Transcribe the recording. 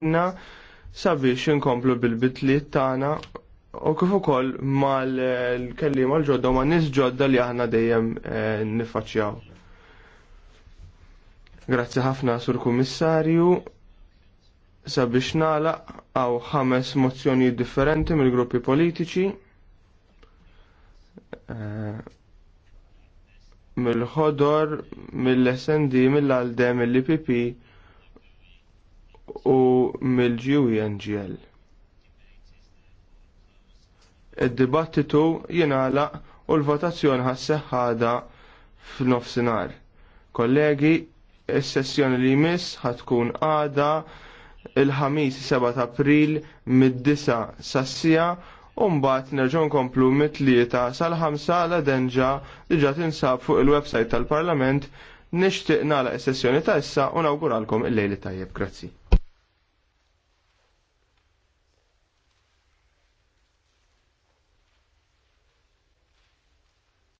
na sabiex inkomplu bil-bitliet tagħna u kif ukoll mal-kelliem l ġodda ma' nies ġodda li aħna dejjem eh, nifaċċjaw. Grazzi ħafna sur kummissarju sabiex nagħlaq għaw ħames mozzjoni differenti mill-gruppi politiċi eh, mill-ħodor, mill-SND, mill-ALDE, mill-IPP, u mill-GUNGL. Id-dibattitu jingħalaq u l-votazzjoni ħasseħħada f'nofsinhar. Kollegi, is-sessjoni li jmiss ħatkun għada il-ħamis 7 ta' april mid-9 sassija u mbagħad nerġgħu nkomplu mit-tlieta sal-ħamsa la denġa diġà tinsab fuq il-website tal-Parlament nixtieq nagħlaq is-sessjoni ta' issa u nawguralkom il-lejli tajjeb. Grazzi.